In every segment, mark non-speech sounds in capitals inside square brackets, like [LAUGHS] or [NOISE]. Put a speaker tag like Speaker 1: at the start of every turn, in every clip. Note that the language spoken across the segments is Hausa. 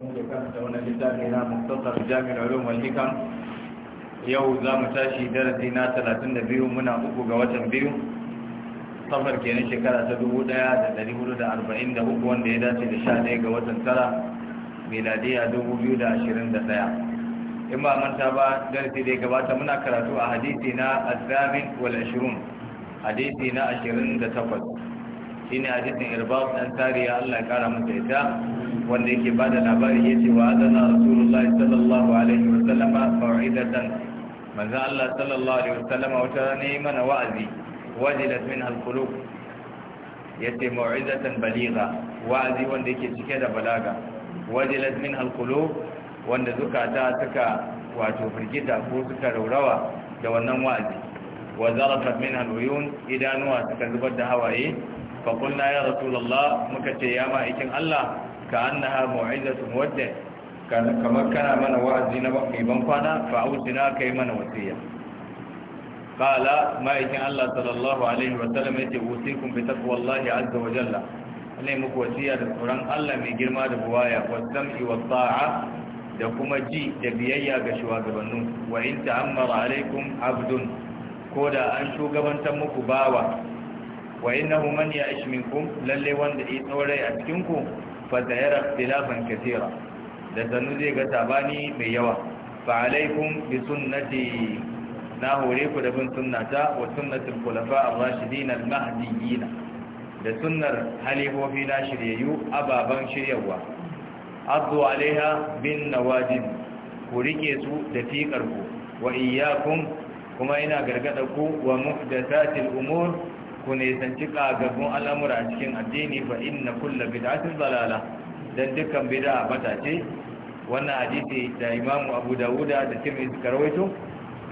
Speaker 1: muke karanta wannan littafi na muktasar jami'ar ulum wal hikam yau za mu tashi darasi na 32 muna uku ga watan biyu safar kenan shekara ta 1443 wanda ya dace da 11 ga watan tara miladiya 2021 in ba manta ba darasi da ya gabata muna karatu a hadisi na azamin wal ashirin hadisi na 28 shine hadisin irbab dan tariya Allah ya kara masa ita wanda yake bada labari yace wa adana rasulullah sallallahu alaihi wa sallama mau'izatan manzo Allah sallallahu alaihi wa sallama wata ne mana wa'azi wajilat minha alqulub yace mau'izatan baligha wa'azi wanda yake cike da balaga wajilat minha alqulub wanda zukata suka wato firgita ko suka raurawa da wannan wa'azi wa zarafat minha aluyun idanuwa suka zubar da hawaye fa qulna ya rasulullah muka ce ya ma'aikin Allah ka annaha mu'izatu muwadda kamar kana mana wa'azi na ban kwana fa ausina kai mana wasiya qala ma'aikin Allah sallallahu alaihi wa sallam yace usikum bi taqwallahi azza wa jalla ne muku wasiya da tsoron Allah mai girma da buwaya wasan sam'i wa da kuma ji da biyayya ga shugabannin wa in ta'ammara alaikum abdun ko da an shugabantar muku bawa wa innahu man ya'ish minkum lalle wanda ya tsaurai a cikin ku fatayar filafan katera da zanu zai ga tabani mai yawa fa’alaikun bi sunnati na hore ku da bin sunnata wa sunnatin kulafa a rashidinan mahadiyina da sunnar halifofi na shiryayyu ababen shiryarwa abu alaiha bin nawajin ku rike su da fikarku wa iyakun kuma ina gargada ku wa muhdasatil umur ku nisanci kagagun al'amura a cikin addini fa inna kulla bid'atin dalala dan dukkan bid'a bata ce wannan hadisi da Imam Abu Dawuda da Tirmidhi karwaito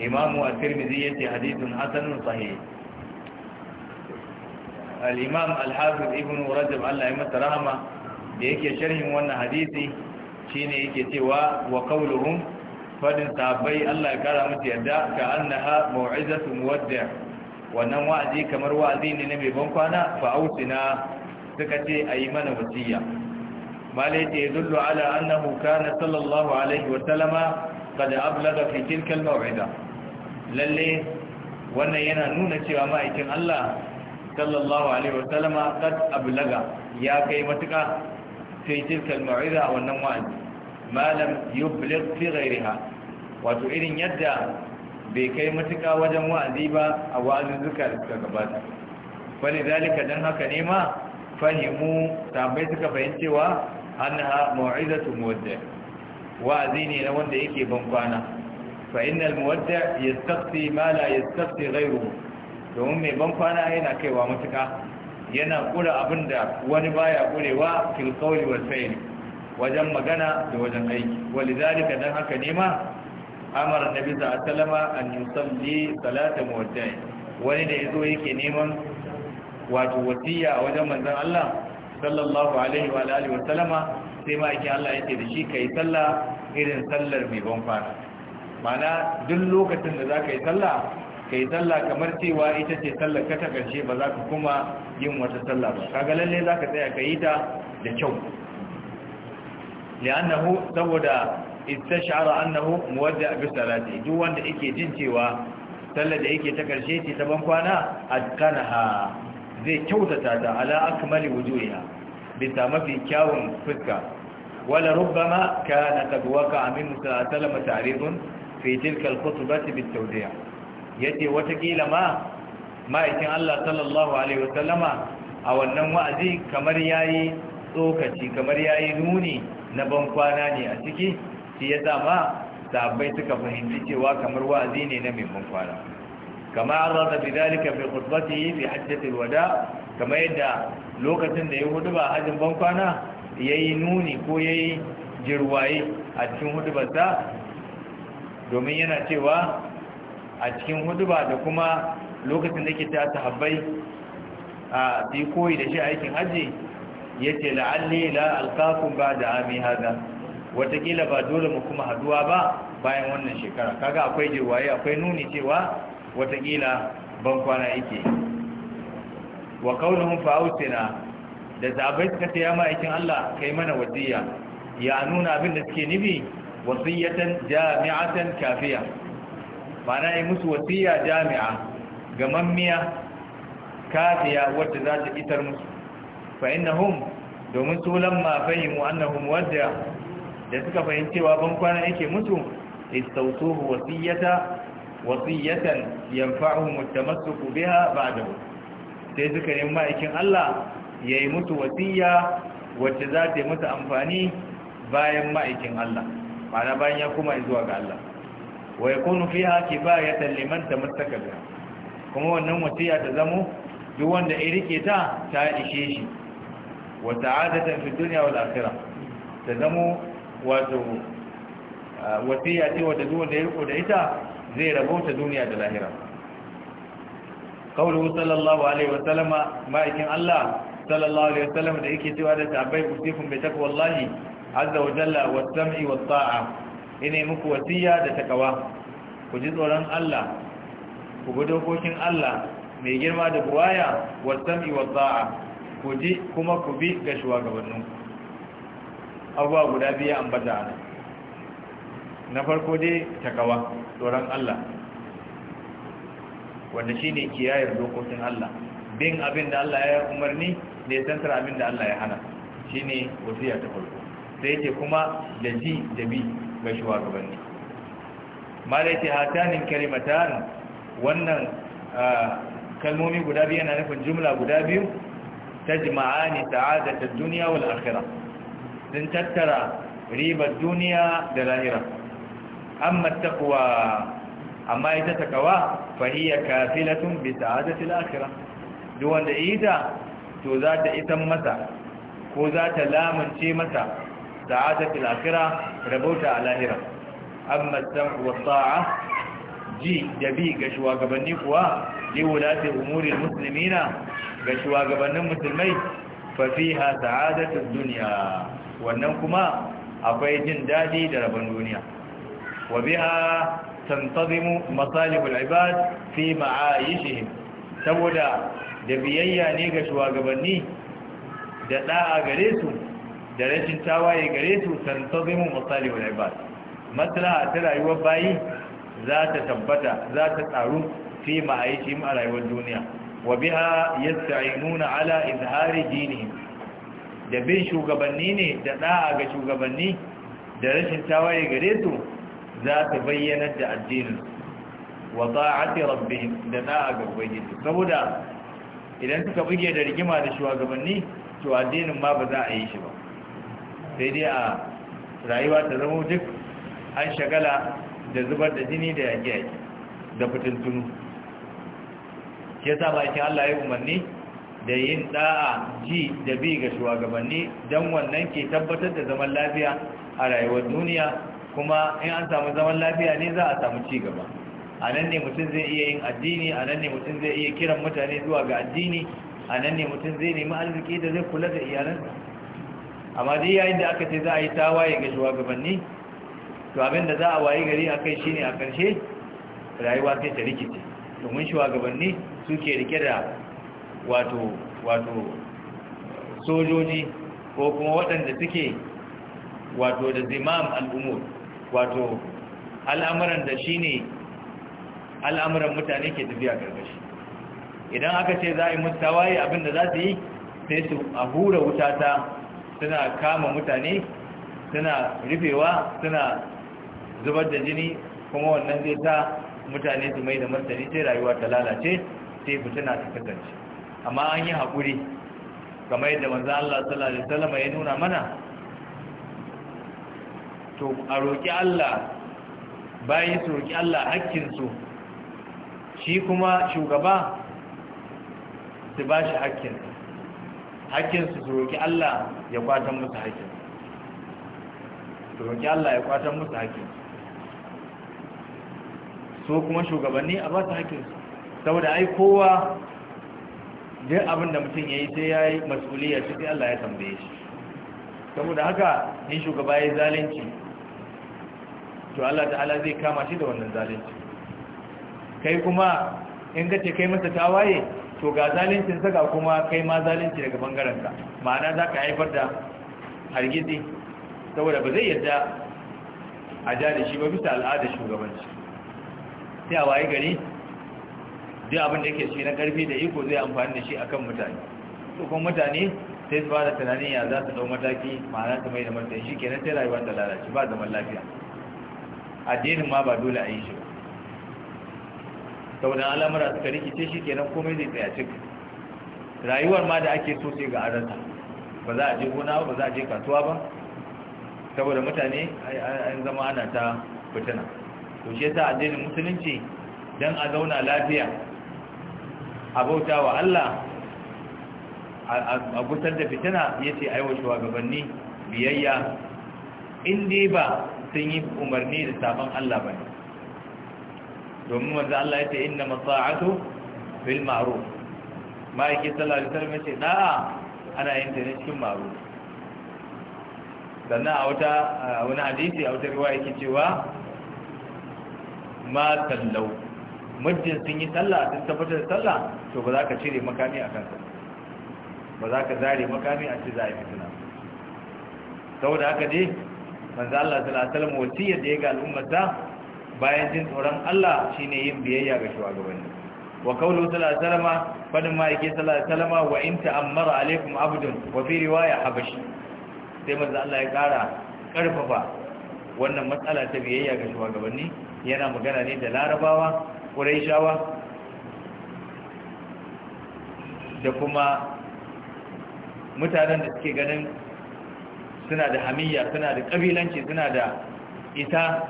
Speaker 1: Imam At-Tirmidhi yace hadithun hasanun sahih al-Imam Al-Hafiz Ibn Rajab Allah ya masa rahama da yake sharhin wannan hadisi shine yake cewa wa qawluhum fadin sahabbai Allah ya kara musu yadda ka annaha mau'izatu muwaddi' wannan wa'azi kamar wa'azi ne na mai ban kwana fa ausina suka ce ayi mana wasiya malai ce yadullu ala annahu kana sallallahu alaihi wa sallama qad ablaga fi tilka al-maw'ida lalle wannan yana nuna cewa ma'aikin Allah sallallahu alaihi wa sallama qad ablaga ya kai matuka fi tilka al-maw'ida wannan wa'azi malam lam yubliq fi ghayriha wato irin yadda bai kai matuka wajen wa'azi ba a wa'azuzzuka da suka gabata fali zalika don haka ne ma fahimu tambayi suka fahimcewa annaha su muwadda wa'azi ne na wanda yake ban kwana fa innal muwadda yastafi mala ya yastafi ghayruhu domin mai ban kwana yana kaiwa matuka yana kura abinda wani baya kurewa fil qawli wal wajen magana da wajen aiki walidalika dan haka ne ma amara nabi sa sallama an yusalli salata muwadda'i wani da yazo yake neman wato wasiya a wajen manzon Allah sallallahu alaihi wa alihi wa sai ma yake Allah yake da shi kai sallah irin sallar mai ban fara mana duk lokacin da ka yi sallah kai sallah kamar cewa ita ce sallar ka ta karshe ba za ka kuma yin wata sallah ba kaga lalle zaka tsaya ka yi ta da kyau li'annahu saboda istashara annahu muwadda bi salati duk wanda yake jin cewa sallar da yake ta karshe ce ta ban kwana adkanaha zai kyautata ta ala akmali wujuhiha bisa mafi kyawun fuska wala rubbama kana qad waqa'a min sallallahu ta'rifun fi tilka al-khutbati bi tawdi yace watakila ma ma'aikin Allah sallallahu alaihi wasallama a wannan wa'azi kamar yayi tsokaci kamar yayi nuni na ban kwana ne a ciki shi ya sa ma sahabbai suka fahimci cewa kamar wa'azi ne na maimakon kwana kama arada bidalika fi khutbatihi fi hajjatul wada kama yadda lokacin da ya hudu ba hajjin ban kwana ya yi nuni ko ya yi jirwaye a cikin hudubarsa domin yana cewa a cikin huduba da kuma lokacin da ke ta sahabbai a koyi da shi aikin hajji yace ce la'alli la alkakun ba da ami haza watakila ba dole mu kuma haduwa ba bayan wannan shekara kaga akwai jirwaye akwai nuni cewa watakila ban kwana yake wa kaunuhum fa'utina da zabai suka ta ya ma'aikin Allah kai mana wasiya ya nuna abin da suke nufi wasiyatan jami'atan kafiya ma'ana yi musu wasiya jami'a gamammiya kafiya wacce za ta isar musu fa innahum domin su lamma fahimu annahum wadda da suka fahimcewa ban kwana yake mutu istautuhu wasiyata wasiyatan yanfa'uhum mutamassiku biha ba'dahu sai suka yi ma'aikin Allah yayi mutu wasiya wacce za ta yi amfani bayan ma'aikin Allah ma'ana bayan ya kuma zuwa ga Allah wa yakunu fiha kibayatan liman tamassaka biha kuma wannan wasiya ta zamo duk wanda ya rike ta ta ishe shi wa ta'adatan fi dunya wal akhirah ta zamo wato wasiya ce wadda zuwa da ya riko da ita zai rabota duniya da lahira kawo sallallahu alaihi wasallama ma'aikin Allah sallallahu alaihi wasallama da yake cewa da tabbai usikum bi taqwallahi azza wa jalla was sam'i was ta'a ine muku wasiya da takawa ku ji tsoron Allah ku bi dokokin Allah mai girma da buwaya was sam'i was ta'a ku ji kuma ku bi ga shugabanninku abubuwa guda biyu ambata ana na farko dai takawa tsoron Allah wanda shine kiyayar dokokin Allah bin abin da Allah ya umarni da ya tantar abin da Allah ya hana shine wasiya ta farko sai yake kuma da ji da bi ga shugabanni malaiti hatanin kalimatan wannan kalmomi guda biyu yana nufin jumla guda biyu ta jima'a ne sa'adata da dunya wal akhirah sun tattara ribar duniya da lahira amma taqwa amma ita takawa fa kafilatun bi sa'adati al-akhirah duk wanda ita to za ta isan masa ko za ta lamunce masa Sa'adatu al-akhirah a lahira amma sam'u ta'a ji da bi ga shugabanni kuwa li wulati umuri musulmina ga shugabannin musulmai fa fiha sa'adatu dunya wannan kuma akwai jin daɗi da rabon duniya wa biha tantazimu masalihul ibad fi ma'ayishihim saboda da biyayya ne ga shugabanni da da'a gare su da rashin tawaye gare su tantazimu masalihul ibad maslaha ta rayuwar bayi za ta tabbata za ta tsaru fi ma'ayishihim a rayuwar duniya wa biha yasta'inuna ala izhari dinihim da bin shugabanni ne da ɗa'a ga shugabanni da rashin tawaye gare su za su bayyana da addinin wa ta'ati rabbihim da ɗa'a ga ubangiji saboda idan suka buge da rigima da shugabanni to addinin ma ba za a yi shi ba sai dai a rayuwa ta zama duk an shagala da zubar da jini da yaƙi da fitintunu ke sa bakin Allah ya umarni da yin da'a ji da bi ga shugabanni don wannan ke tabbatar da zaman lafiya a rayuwar duniya kuma in an samu zaman lafiya ne za a samu ci gaba a nan ne mutum zai iya yin addini a nan ne mutum zai iya kiran mutane zuwa ga addini a nan ne mutum zai nemi arziki da zai kula da iyalansa amma dai yayin da aka ce za a yi tawaye ga shugabanni to abin da za a wayi gari a kai shine a ƙarshe rayuwa sai ta rikice domin shugabanni suke rike da wato wato sojoji ko kuma waɗanda suke wato da zimam al'umur wato al'amuran da shi ne al'amuran mutane ke tafiya karkashi idan aka ce za a yi mutawaye abinda za su yi sai su a hura wuta ta suna kama mutane suna rufewa suna zubar da jini kuma wannan zai ta mutane su mai da martani sai rayuwa ta lalace sai fitina ta kasance amma an yi haƙuri kamar yadda manzo Allah sallallahu alaihi ya nuna mana to a roƙi Allah bayan su roƙi Allah haƙƙinsu shi kuma shugaba su ba shi hakkinsu haƙƙinsu su roƙi Allah ya kwatan musu hakkin su roƙi Allah ya kwatan musu hakkin so kuma shugabanni a ba su hakkinsu saboda ai kowa duk abin da mutum ya yi sai ya yi masuliyar sai Allah ya tambaye shi saboda haka in shugaba ya yi zalunci to Allah ta'ala zai kama shi da wannan zalunci kai kuma in ka ce kai masa tawaye to ga zaluncin sa kuma kai ma zalunci daga bangaren ka ma'ana za ka haifar da hargitsi saboda ba zai yadda a ja da shi ba bisa al'adar shugabanci sai a waye gari duk abin da yake shi na ƙarfi da iko zai amfani da shi a kan mutane to kuma mutane sai su fara tunani ya za su dau mataki ma'ana su mai da martani shi kenan sai rayuwar da lalace ba zaman lafiya addinin ma ba dole a yi shi ba saboda al'amura suka rikice shi kenan komai zai tsaya cik rayuwar ma da ake so sai ga arasa, ba za a je gona ba za a je kasuwa ba saboda mutane an zama ana ta fitina to shi yasa addinin musulunci dan a zauna lafiya a bauta wa Allah a gutar da fitina ya ce aiwa gabanni biyayya in ba sun yi umarni da sabon Allah ba domin wanzu Allah ya ce inna matsa'atu bil maru. ma'aikin sallallahu alaihi wasallam ce da'a ana yin ta ne cikin ma'ruf sannan a wata wani hadisi a wata riwaya yake cewa ma tallau. muddin sun yi sallah sun tabbatar da sallah to ba za ka cire makami a kansa ba za ka zare makami a ce za a yi fitina saboda haka dai manzo Allah sallallahu alaihi wasallam da ya ga al'ummata bayan jin tsoron Allah shine yin biyayya ga shugabanni wa kaulu sallallahu alaihi wasallam fadin ma'aiki sallallahu alaihi wasallam wa in ta'ammara alaikum abdun wa fi riwaya habashi sai manzo Allah ya kara karfafa wannan matsala ta biyayya ga shugabanni yana magana ne da larabawa ƙuraishawa da kuma mutanen da suke ganin suna da hamiyya suna da ƙabilanci suna da ita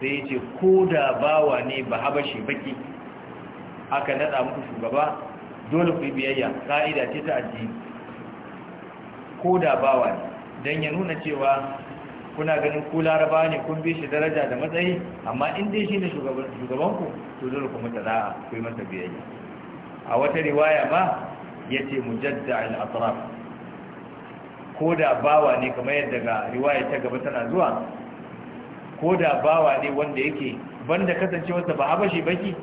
Speaker 1: sai yace ko da bawa ne ba habashi baki aka nada muku shugaba dole ku biyayya ka'ida ce ta addini ko da bawa ne don ya nuna cewa kuna ganin ku laraba ne kun bi shi daraja da matsayi amma in dai shi ne shugabanku to dole ku mata za'a ku yi masa biyayya a wata riwaya ma ya ce mujadda al-atraf ko da bawa ne kamar yadda ga riwaya ta gaba tana zuwa ko da bawa ne wanda yake banda kasancewarsa ba habashi baki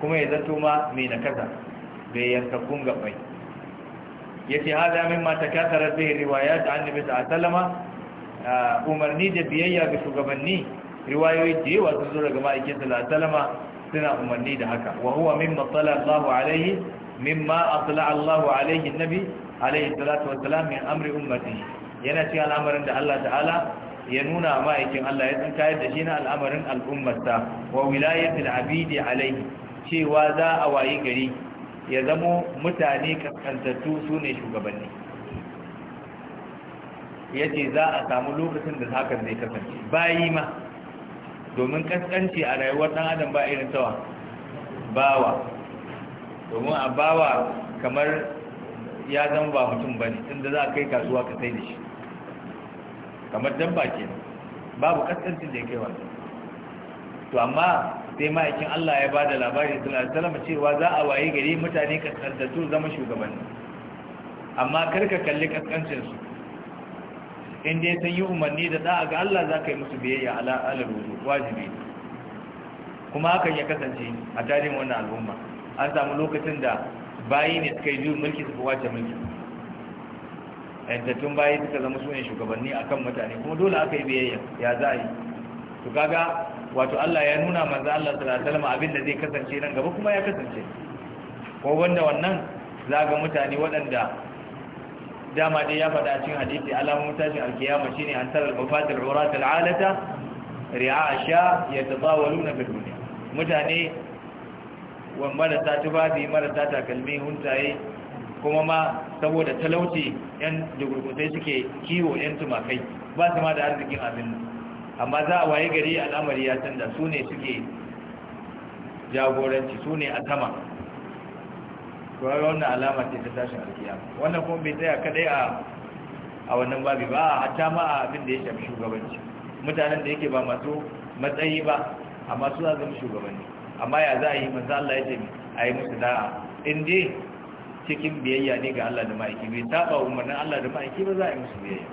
Speaker 1: kuma ya zato ma mai nakasa bai kun gabai ya ce haza min ma ta kasarar riwaya da annabi sallallahu alaihi wasallama umarni da biyayya ga shugabanni riwayoyi da yawa sun zo daga ma'aikin salama suna umarni da haka wa huwa mimma tsala Allahu alaihi mimma asla Allahu alaihi nabi alaihi salatu wa salam min amri ummati yana cikin al'amarin da Allah ta'ala ya nuna ma'aikin Allah ya tsinkayar da shi na al'amarin al'ummarsa wa wilayatul abidi alaihi cewa za a wayi gari ya zamo mutane kaskantattu su ne shugabanni ya ce za a samu lokacin da hakan zai kasance bayi ma domin kaskanci a rayuwar ɗan adam ba irin tawa bawa domin a bawa kamar ya zama ba mutum ba ne inda za a kai kasuwa ka sai da shi kamar dan baki babu kaskancin da ya kai wanda to amma sai ma'aikin Allah ya ba da labari salama cewa za a waye gari mutane kaskantattu zama shugabanni amma karka kalli kaskancinsu in dai sun yi umarni da a ga Allah za ka yi musu biyayya ala alal wajibi kuma hakan ya kasance a tarihin wannan al'umma an samu lokacin da bayi ne suka yi juyin mulki suka wace mulki yantattun bayi suka zama su ne shugabanni kan mutane kuma dole aka yi biyayya ya za a yi su kaga wato Allah ya nuna manzo Allah sallallahu alaihi abin da zai kasance nan gaba kuma ya kasance ko wanda wannan za ga mutane waɗanda dama dai ya faɗa cikin hadisi alamun tashin alkiyama shine an tarar bafatul urat alalata ri'a sha yatatawaluna fil dunya mutane wa marasa tufafi marasa takalmi huntaye kuma ma saboda talauci yan dugurkutai suke kiwo yan tumakai ba su ma da arzikin abin amma za a waye gari al'amari ya canza su ne suke jagoranci su ne a sama to ya wannan alama ce ta tashin alkiyama wannan kuma bai tsaya kadai a a wannan babi ba a hatta ma a abin da ya shafi shugabanci mutanen da yake ba masu matsayi ba amma su za zama shugabanni amma ya za a yi masu Allah ya ce a yi musu da'a in dai cikin biyayya ne ga Allah da ma'aiki bai saba umarnin Allah da ma'aiki ba za a yi musu biyayya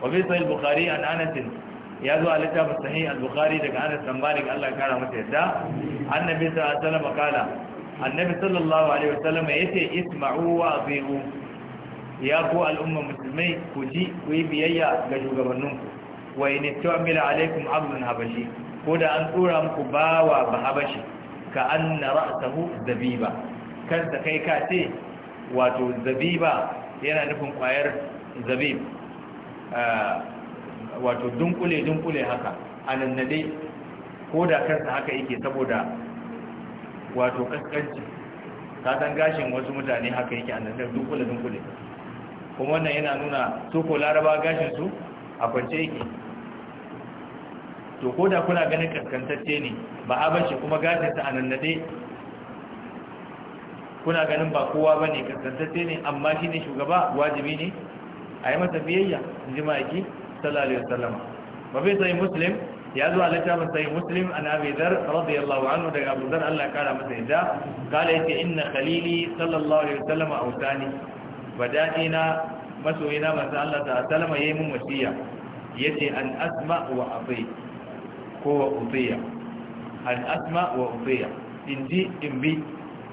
Speaker 1: wa bai sahih bukhari an anasin ya zo a littafin sahih al-bukhari daga anas dan malik Allah ya kara masa yadda annabi sallallahu alaihi wasallam kala annabi sallallahu alaihi wasallam yace isma'u wa ya ku al'umma musulmai ku ji ku yi biyayya ga shugabannin ku wa in tu'mila alaikum abdun habashi ko da an tsura muku bawa ba habashi ka anna ra'sahu zabiba kansa kai ka ce wato zabiba yana nufin kwayar zabib eh, wato dunkule dunkule haka anannade ko da kansa haka yake saboda wato kaskanci ta san gashin wasu mutane haka yake a nan dukkule dukkule kuma wannan yana nuna su ko laraba gashin su a kwance yake to ko da kuna ganin kaskantacce ne ba a bace kuma gashin sa a nan nade kuna ganin ba kowa ba ne kaskantacce ne amma shi ne shugaba wajibi ne a yi masa biyayya in ji ma'aiki sallallahu alaihi wasallam ba bai sai muslim ya zo a littafin sahih muslim an abi dhar radiyallahu anhu daga abu dhar Allah kara masa yadda kala yace inna khalili sallallahu alaihi wasallam autani bada'ina masoyina masa Allah ta sallama yayi mun wasiya yace an asma wa afi ko wa utiya an asma wa utiya ji in bi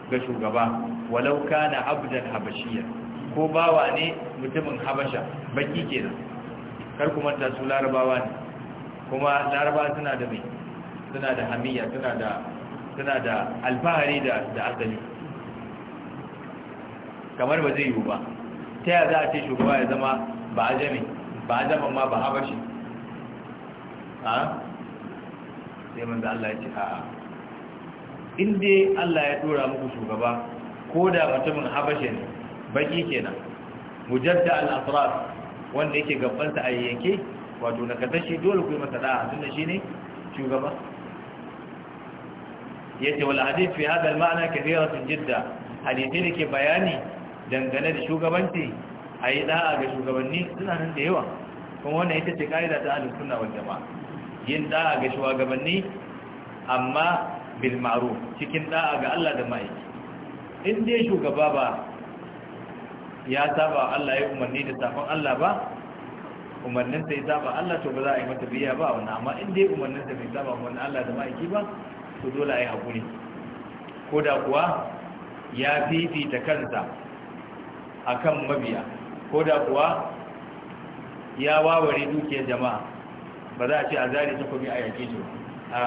Speaker 1: ga shugaba walau kana abdan habashiya. ko bawa ne mutumin habasha baki kenan kar ku manta su larabawa ne kuma laraba suna da mai suna da hamiya suna da suna da alfahari da da asali kamar ba zai yiwu ba ta yaya za a ce shugaba ya zama ba ajami ba ajaman ma ba habashi ha? sai manzo Allah ya ce a in dai Allah ya dora muku shugaba ko da mutumin habashi ne baki kenan mujadda al-asrar wanda yake gabansa a yake wato na shi dole kuma yi masa da'a tunda shi ne shugaba ya ce "Wala hadith fi hada ma'ana mana kathiratun jidda hadisi da ke bayani dangane da shugabanci a yi da'a ga shugabanni suna nan da yawa kuma wannan ita ce ka'ida ta ahlus sunna wajen jama'a yin da'a ga shugabanni amma bil maru. cikin da'a ga Allah da ma'aiki in dai shugaba ba ya saba Allah ya umarni da safan Allah ba umarnin ya saba Allah to ba za a yi mata biya ba wannan amma in dai umarnin bai saba wannan Allah da ma'aiki ba to dole a yi hakuri ko da kuwa ya fifita kansa akan mabiya ko da kuwa ya waware dukiyar jama'a ba za a ce a zari ta kuma a yaƙi a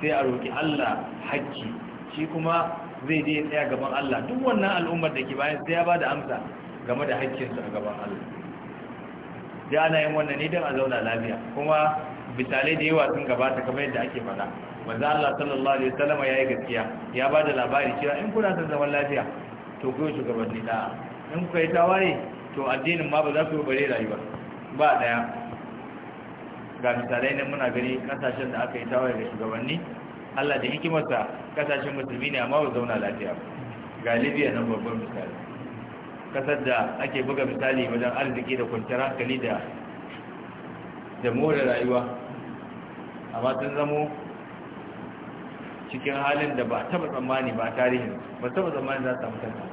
Speaker 1: sai a roƙi Allah haƙƙi shi kuma zai je tsaya gaban Allah duk wannan al'ummar da ke bayan sai ya ba da amsa game da haƙƙinsu a gaban Allah da ana yin wannan ne don a zauna lafiya kuma misalai da yawa sun gabata kamar yadda ake faɗa manzo Allah sallallahu alaihi wasallam yi gaskiya ya ba da labari cewa in kuna son zaman lafiya to ku shugabanni da in ku yi tawaye to addinin ma ba za ku bare rayuwa ba daya ga misalai ne muna gani kasashen da aka yi tawaye ga shugabanni Allah da hikimarsa kasashen musulmi ne amma ba zauna lafiya ga Libya nan babban misali kasar da ake buga misali wajen arziki da kwanciyar hankali da da more rayuwa amma sun zamo cikin halin da ba taba tsammani ba tarihin ba taba tsammani za su samu kanta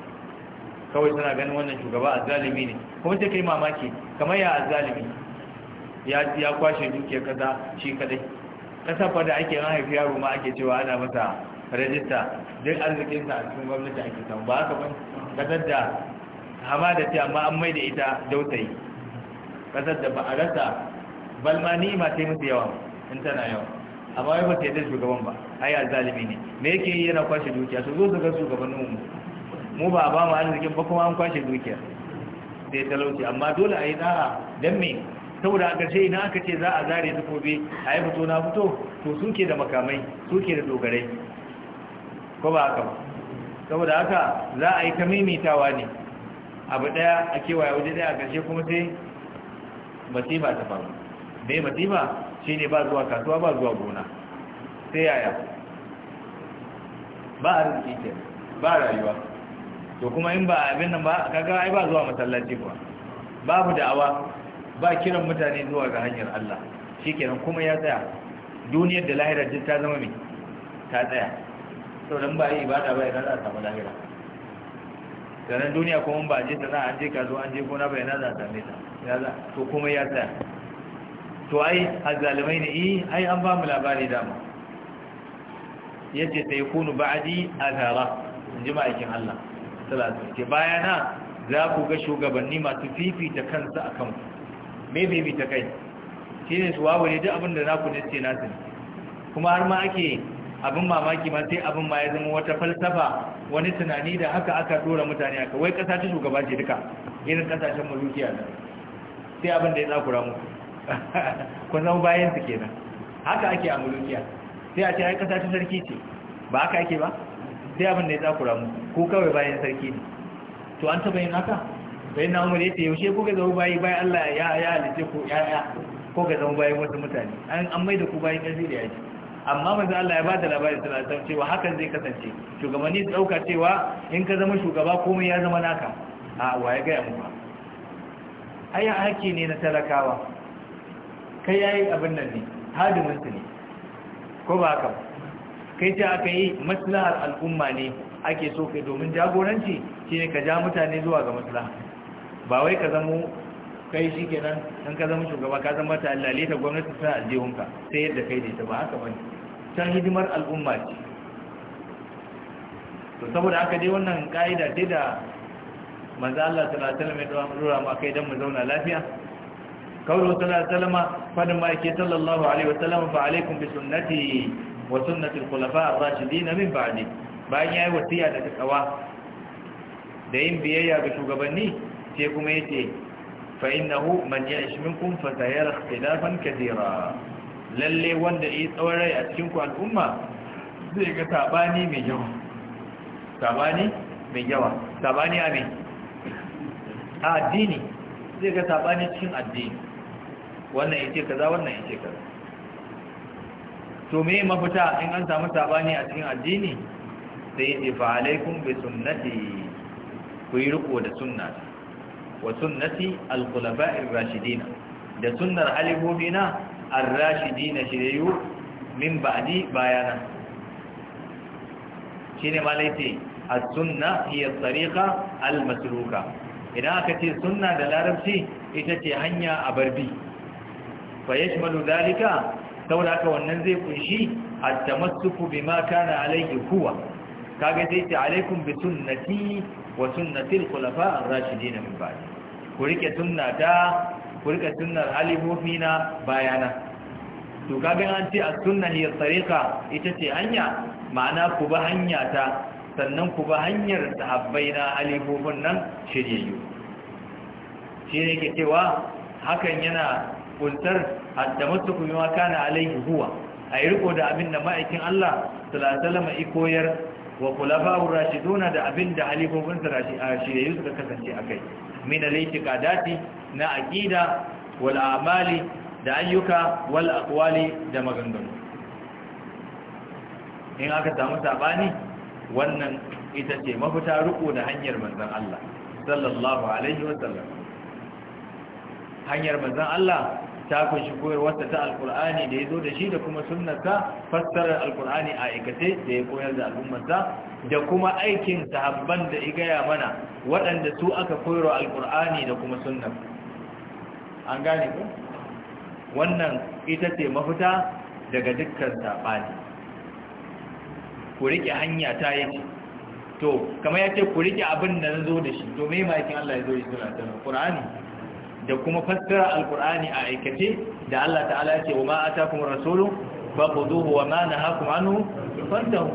Speaker 1: kawai suna ganin wannan shugaba a zalimi ne kuma ta kai mamaki kamar ya a zalimi ya kwashe dukiyar kasa shi kadai kasar fa da ake haifi yaro ma ake cewa ana masa rajista duk arzikinsa a cikin gwamnati ake samu ba haka ba kasar da da ce amma an maida ita dautai kasar da ba a rasa balma nima ce musu yawa in tana yawa amma wai ba ta yadda shugaban ba ai azalimi ne me yake yi yana kwashe dukiya su zo su ga shugabannin mu mu ba a ba mu arzikin ba kuma an kwashe dukiya sai talauci amma dole a yi tsara don me saboda a ƙarshe ina aka ce za a zare su gobe a yi fito na fito to ke da makamai Su ke da dogarai ko ba haka ba saboda haka za a yi ta maimaitawa ne abu daya a kewaye waje daya a ƙarshe kuma sai masifa ta faru me masifa Shi ne ba zuwa kasuwa ba zuwa gona sai yaya ba a rikki ke ba rayuwa to kuma in ba abin nan ba kaga ai ba zuwa masallaci ba babu da'awa ba kiran mutane zuwa ga hanyar Allah Shi kenan kuma ya tsaya duniyar da lahirar ta zama mai ta tsaya sau don ba yi ibada ba idan za a samu lahira sannan duniya kuma ba je sana an je kazo an je gona ba yana za a same ta ya za to kuma ya tsaya to ai azalimai ne yi eh, ai an ba mu labari dama ta sai kunu a ba'di in ji ma'aikin Allah salatu Ke bayana za ku ga shugabanni masu fifita kansu a kan me ta kai ne su wawale duk abin da naku ne ce nasu kuma har ma ake abin mamaki ma sai abin ma ya zama wata falsafa wani tunani da haka aka dora mutane aka wai kasa ta shugaba ce duka irin kasashen mulkiya da sai abin da ya tsakura mu [LAUGHS] ku zama bayan su kenan haka ake a mulkiya. sai a ce ai kasa ta sarki ce ba haka ake ba sai abin da ya tsakura mu ko kawai bayan sarki ne to an taba yin haka bayan na umar yace yaushe ko ga zama bayi bayan Allah ya ya halice ku ya ko ga zama bayan wasu mutane an mai da ku bayan kazi da yaji amma manzo Allah ya bada labari sallallahu alaihi cewa hakan zai kasance shugabanni su dauka cewa in ka zama shugaba komai ya zama naka a waye ga mu ba ai haki ne na talakawa kai yayi abin nan ne hadimin su ne ko ba haka kai ta aka yi maslahar al'umma ne ake so kai domin jagoranci shine ka ja mutane zuwa ga maslaha ba wai ka zama kai shi kenan in ka zama shugaba ka zama ta lalita gwamnati ta aljihunka sai yadda kai ne ta ba haka bane can hidimar al'umma ce to saboda haka dai wannan ka'ida ce da maza Allah ta alaihi wasallam ya dora mu kai dan mu zauna lafiya kawo sallallahu alaihi salama fadin ma yake sallallahu alaihi wasallam ba alaikun bi sunnati wa sunnati kulafa a ar-rashidin min ba'di bayan ya yi wasiya da tsawa. da yin biyayya ga shugabanni sai kuma yace na hu man ya'ish minkum kun fasayar ikhtilafan kadira lalle wanda yi tsawon rai a cikin ku al'umma zai ga sabani mai yawa sabani mai yawa sabani a addini zai ga sabani cikin addini wannan yace kaza wannan yace kaza to me mafita in an samu sabani a cikin addini sai yace fa alaikum bi sunnati ku yi riko da sunna wa sunnati al-khulafa'ir rashidina da sunnar na? ar-rashidi na shirayu min ba'di bayana shine malai as-sunna hiya at-tariqa al idan aka ce sunna da larabci ita ce hanya a barbi fa yashmalu dalika saboda wannan zai kunshi at-tamassuku bima kana alayhi huwa kaga sai ce alaikum bi sunnati wa sunnati al-khulafa ar-rashidin min ba'di ku rike sunnata kurika sunnar halifofi na bayana to kaga an ce as-sunna hiya tariqa ita ce hanya ma'ana ku ba hanya ta sannan ku ba hanyar sahabbai na nan shiryayyu shi ne ke cewa hakan yana kuntar hatta mutukun kuma kana alaihi huwa a yi riko da abin da ma'aikin Allah salatalama koyar wa kulafa'ur rashiduna da abin da shirye shiryayyu suka kasance a kai min al-i'tiqadati na aqida wal a'mali da ayyuka wal aqwali da maganganu in aka samu sabani wannan ita ce mafita ruku da hanyar manzon Allah sallallahu alaihi wasallam hanyar manzon Allah ta kunshi koyarwarsa ta alkur'ani da ya zo da shi da kuma sunnarsa fassarar alkur'ani a aikace da ya koyar da al'ummarsa da kuma aikin sahabban da ya gaya mana waɗanda su aka koyarwa alkur'ani da kuma sunnar an gane ku wannan ita ce mafita daga dukkan saɓani ku riƙe hanya ta yi to kamar ya ce ku riƙe abin da na zo da shi to me ma aikin Allah ya zo da shi suna tana ƙur'ani da kuma fassara alkur'ani a aikace da Allah ta'ala ya ce wa ma atakum rasulu faquduhu wa ma nahakum anhu fantahu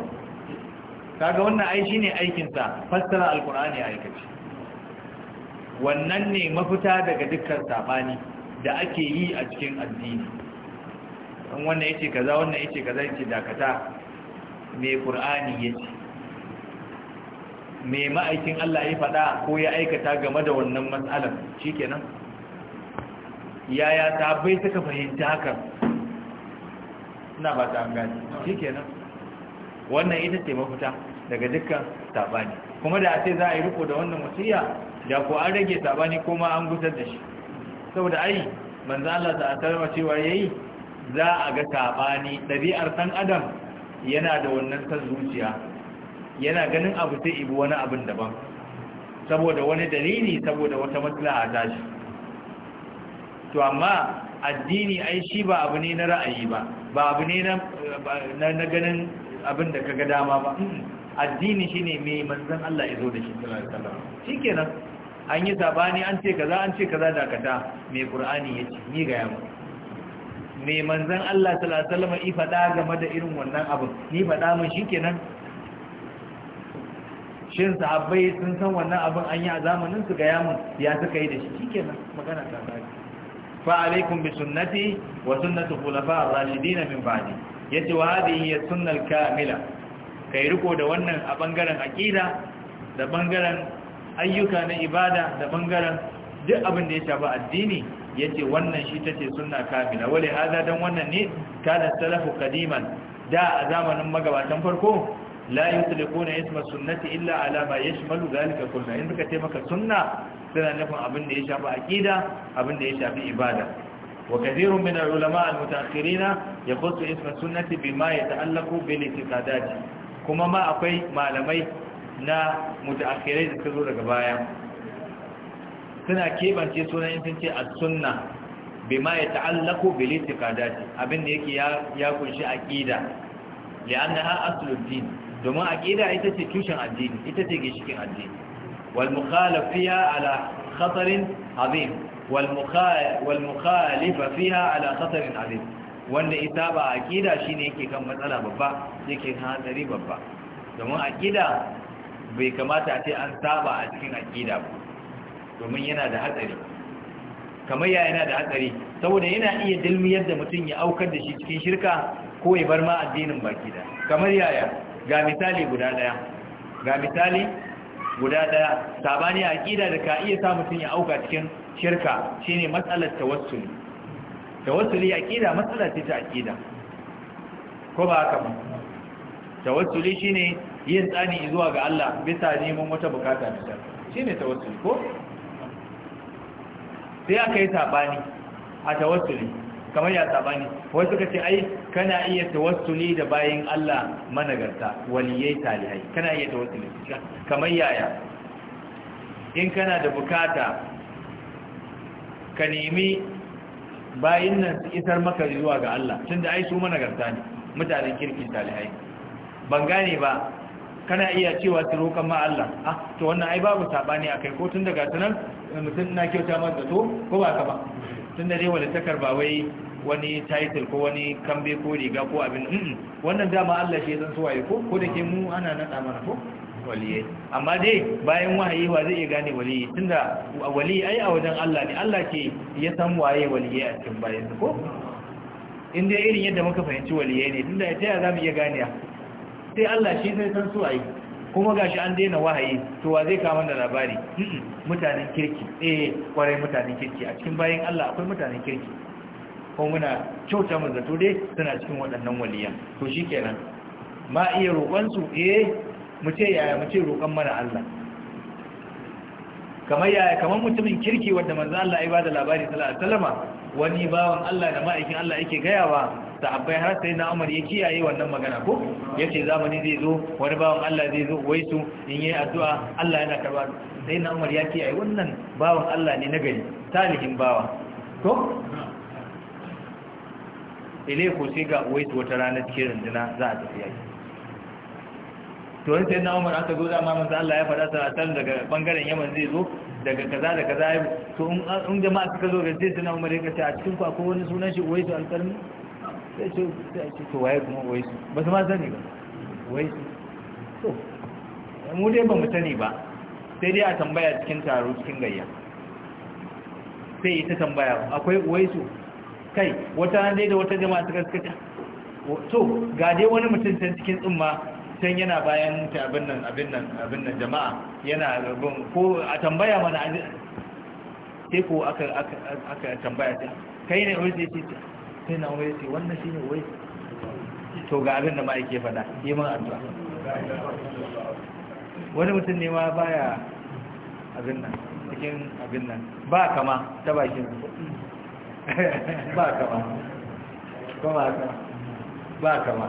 Speaker 1: kaga wannan ai shine aikin sa fassara alkur'ani a aikace wannan ne mafita daga dukkan sabani da ake yi a cikin addini an wannan yace kaza wannan yace kaza yace dakata me qur'ani yace me ma'aikin Allah ya faɗa ko ya aikata game da wannan matsalar shikenan yaya sahabbai suka fahimta hakan ina ba ta gani kenan wannan ita ce mafita daga dukkan sabani kuma da a ce za a yi riko da wannan wasiya da ko an rage tabani ko ma an gusar da shi saboda ai manzo Allah ta tarwa cewa yayi za a ga tabani dabi'ar san adam yana da wannan san zuciya yana ganin abu sai ibu wani abin daban saboda wani dalili saboda wata maslaha ta shi to amma addini ai shi ba abu ne na ra'ayi ba ba abu ne na ganin abin da kaga dama ba addini shi ne mai manzan Allah ya zo da shi shi ke nan an yi sabani an ce kaza an ce kaza dakata ƙur'ani ya ce ni ga mu. Mai manzan Allah sallallahu yi faɗa game da irin wannan abin ni faɗa mun nan? shin sahabbai sun san wannan abin an yi a zamanin su ga yamu ya suka yi da shi nan magana ta kai فعليكم بسنتي وسنة خلفاء الراشدين من بعدي yace wa hadhihi as-sunnah al-kamila kai riko da wannan a bangaren aqida da bangaren ayyuka na ibada da bangaren duk abin da ya shafi addini yace wannan shi tace sunna kamila wale hada dan wannan ne kana salafu qadiman da a zamanin magabatan farko la yutliquna isma sunnati illa ala ma yashmalu dhalika kullu in suka maka sunna suna nufin abin da ya shafi aƙida, abin da ya shafi ibada wa kathirun min al-ulama al-mutaakhirin yakhussu isma sunnati bima yata'allaqu bil i'tiqadat kuma ma akwai malamai na mutaakhirai da suka daga baya suna kebance sunan sun ce as-sunna bima yata'allaqu bil i'tiqadat abin da yake ya kunshi aqida li'annaha aslud din domin aqida ita ce tushen addini ita ce gishikin addini والمخالف فيها على خطر عظيم والمخالف فيها على خطر عظيم wanda ita ba akida shine yake kan matsala babba yake hatsari babba domin akida bai kamata a ce an saba a cikin akida ba domin yana da hatsari kamar ya yana da hatsari saboda yana iya dalmiyar da mutum ya aukar da shi cikin shirka ko ya bar ma addinin baki da kamar yaya ga misali guda ɗaya, ga misali guda daya sabani aqida da ka iya sa mutun ya auka cikin shirka shine matsalar tawassuli tawassuli aqida matsalar ce ta aqida ko ba haka ba tawassuli shine yin tsani zuwa ga Allah bisa neman wata bukata ta shine tawassuli ko sai aka yi sabani a tawassuli kamar ya sabani wai suka ce ai kana iya tawassuli da bayin Allah managarta waliyai talihai kana iya tawassuli kamar yaya in kana da bukata ka nemi bayin nan su isar maka zuwa ga Allah tunda ai su managarta ne mutanen kirki talihai ban gane ba kana iya cewa su roƙon ma Allah ah to wannan ai babu sabani akai ko tun daga tunan mutum na kyauta masa to ko ba ka ba tun da dai takar ba wai wani title ko wani kambe ko riga ko abin wannan dama Allah shi ya san suwaye ko ko da ke mu ana naɗa mana ko waliyai amma dai bayan wahayi wa zai iya gane waliyi tunda wali ai a wajen Allah ne Allah ke ya san waye waliyai a cikin bayan ko in dai irin yadda muka fahimci waliyai ne tunda ta ya za mu iya gane sai Allah shi zai san suwaye kuma shi an daina wahayi to wa zai kama da labari mutanen kirki eh kwarai mutanen kirki a cikin bayan Allah akwai mutanen kirki ko muna kyauta mu zato dai suna cikin waɗannan waliyan to shikenan ma iya roƙon su eh mu ce yaya mu ce roƙon mana Allah kamar yaya kamar mutumin kirki wanda manzo Allah ya bada labari sallallahu alaihi wasallama wani bawan Allah da ma'aikin Allah yake gayawa sahabbai har sai na Umar ya kiyaye wannan magana ko ya ce zamani zai zo wani bawan Allah zai zo wai su in yi addu'a Allah yana karba sai na Umar ya kiyaye wannan bawan Allah ne na gari talihin bawa to ile ko sai ga wai wata rana cikin runduna za a tafi yaki to wani sai na Umar aka zo da manzo Allah ya faɗa sa tan daga bangaren Yaman zai zo daga kaza da kaza to in jama'a suka zo ga sai na Umar ya kace a cikin ku akwai wani sunan shi wai su alƙarni sai ce ce to waye kuma wai su ba su ma sani ba wai su to mu dai ba mu sani ba sai dai a tambaya cikin taro cikin gayya sai ita tambaya akwai wai su kai wata nan dai da wata jama'a suka suka ta to ga dai wani mutum can cikin tsumma can yana bayan ta abin nan abin nan abin nan jama'a yana rabon ko a tambaya mana sai ko aka aka aka tambaya sai kai ne wai sai ce sai na umar ce wannan shi ne wai to ga abin da ma'aike faɗa yi man addu'a wani mutum ne ma baya abin nan cikin abin nan ba kama ta bakin ba kama kama ba kama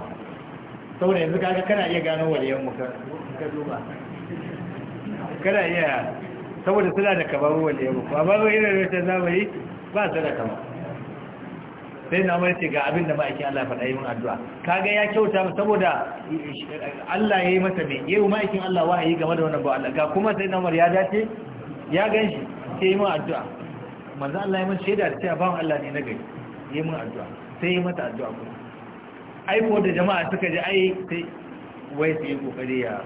Speaker 1: sau da yanzu kaga kana iya gano waliyan muka duba kana iya saboda suna da kabaru waliyan muka ba ba irin rashin zamani ba su da kama sai na mai ce ga abin da ma'aikin Allah faɗa yi mun addu'a kaga ya kyauta saboda Allah ya yi masa mai yau ma'aikin Allah wahayi game da wannan ba Allah ga kuma sai na ya dace ya gan shi ke yi mun addu'a manzan Allah ya mun shaida da cewa bawan Allah ne na gari yi mun addu'a sai yi mata addu'a kuma ai ko da jama'a suka ji ai sai wai su yi kokari ya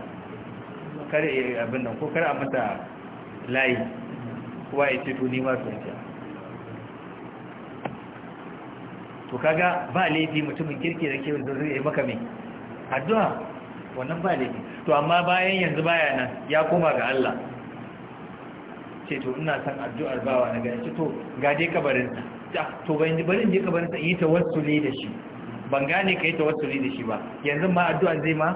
Speaker 1: kare abin nan ko kar a mata layi kowa ya ce to ni ma su yi to kaga ba laifi mutumin kirki da ke da zai maka mai addu'a wannan ba laifi to amma bayan yanzu baya nan ya koma ga Allah ce to ina san addu'ar bawa na gani to ga dai kabarin ta. to ji barin je kabarin ta yi tawassuli da shi ban gane kai tawassuli da shi ba yanzu ma addu'a zai ma